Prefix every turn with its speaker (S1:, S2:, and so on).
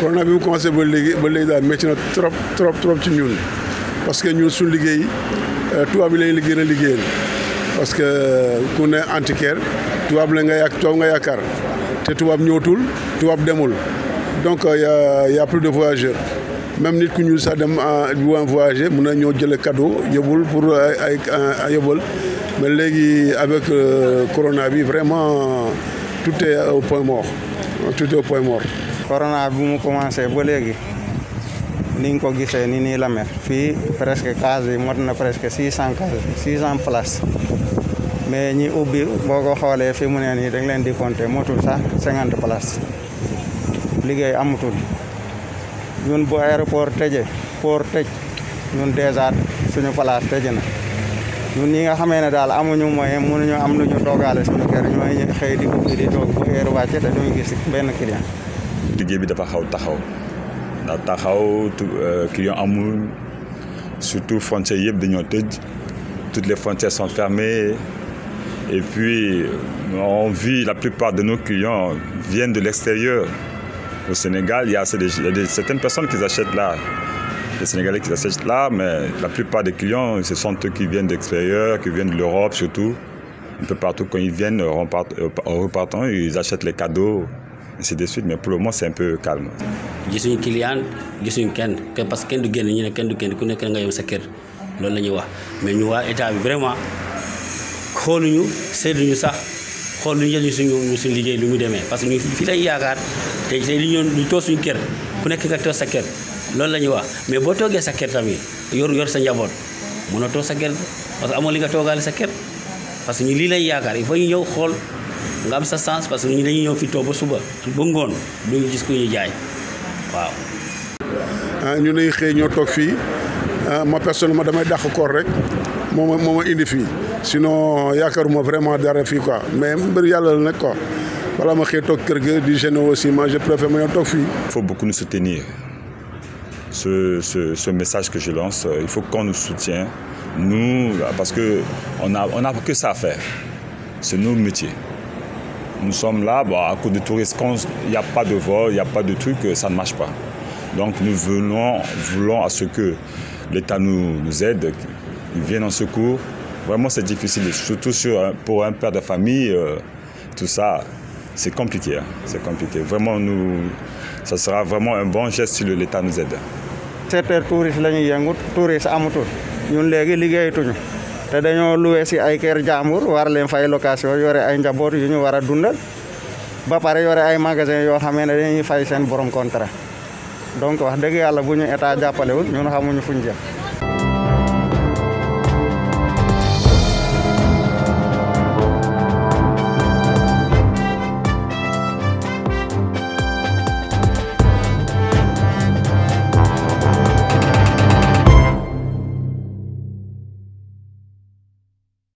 S1: corona bi mu commencé ba léegi ba léegi daal métti trop trop trop ci ñun parce que ñun suñu liggéey euh, tubaab bi lañ liggéey na liggéeyal parce que euh, ku ne antiquaire tubaab la nga yàq tubaab nga yaakaar te tubaab ñëwatul tubaab demul donc euh, y a y a plus de voyageurs même nit ku ñu sax dem bu am voyager mun na ñëw jële cadeau yóbbul pour ay ay yóbbal mais léegi avec
S2: corona bi vraiment tout est au point mort. corona bi mu commencé ba léegi ni nga ko gisee ni nii la fii presque case bi mot na presque six cent case six cent place mais ñi ubbi boo ko xoolee fi mu neen nii dañ leen di compter motul sax cinquante place liggéey amatul ñun bu aéroport tëjee port tëj ñun dèjà suñu place tëj na ñun ñi nga xamee ne daal amuñu moyen mënuñu am lu ñu toogaale suñu kër ñooy xëy di ubbi di toog bu heure wàcce te duñu gis benn client
S3: liggéey bi dafa xaw taxaw ndax taxaw euh, client amul surtout frontières yëpp dañoo tëj toutes les frontières sont fermées et puis on vit la plupart de nos clients viennent de l'extérieur au Sénégal il y a, il y a des, certaines personnes qui achètent là les Sénégalais qui achètent là mais la plupart des clients ce sont eux qui viennent de l'extérieur qui viennent de l'Europe surtout un peu partout quand ils viennent en repartant ils achètent les cadeaux ainsi de suite mais pour le moment c'est un peu calme.
S4: gisuñu client gisuñu kenn parce kenn du génn ñu ne kenn du génn ku nekk nga yem sa kër loolu la wax mais ñu waa état bi xool lu ñu suñu suñu liggéey lu mu demee parce que ñu fii lañ yaakaar te tey li ñu ñu toog suñu ku nekk nga toog sa la ñuy wax mais boo toogee sa kër tamit yor yor sa njaboot mënoo toog sa kër parce que li nga toogaale sa kër parce ñu lii lañ yaakaar il faut ñu ñëw xool. nga am sa sens parce que ñu dañuy ñëw fi toog ba suba ba ngoon duñu gis ku ñu jaay
S1: waaw. Ah, ñu lay xëy ñoo toog fii ah, ma personnellement damay dàq koor rek moo ma moo ma indi fii no yaakaaruma vraiment dara fii quoi mais mbir yàlla la nag quoi wala ma xëy toog kër ga di gêner aussi moi je préfère ma ñoo toog fii.
S3: il faut beaucoup nous soutenir ce ce ce message que je lance euh, il faut qu'on nous soutienne nous parce que on a que ça à faire c'est nos nous sommes là, bah, à cause de touristes, quand il n'y a pas de vol, il n'y a pas de truc, euh, ça ne marche pas. Donc nous venons, voulons à ce que l'État nous, nous aide, qu'il vienne en secours. Vraiment, c'est difficile, surtout sur, pour un père de famille, euh, tout ça, c'est compliqué. Hein, c'est compliqué. Vraiment, nous, ça sera vraiment un bon geste si l'État nous aide. secteur touriste la ñuy yëngu touriste amatul
S2: ñun léegi liggéeyatuñu te dañoo luwee si ay kër jàmbur war leen fay location yore ay njaboot yu ñu war a dundal ba pare yore ay magasin yoo xamee ne dañuy fay seen borom contrat donc wax dëgg yàlla bu ñu état jàppalewul ñun xamuñu fuñ jëm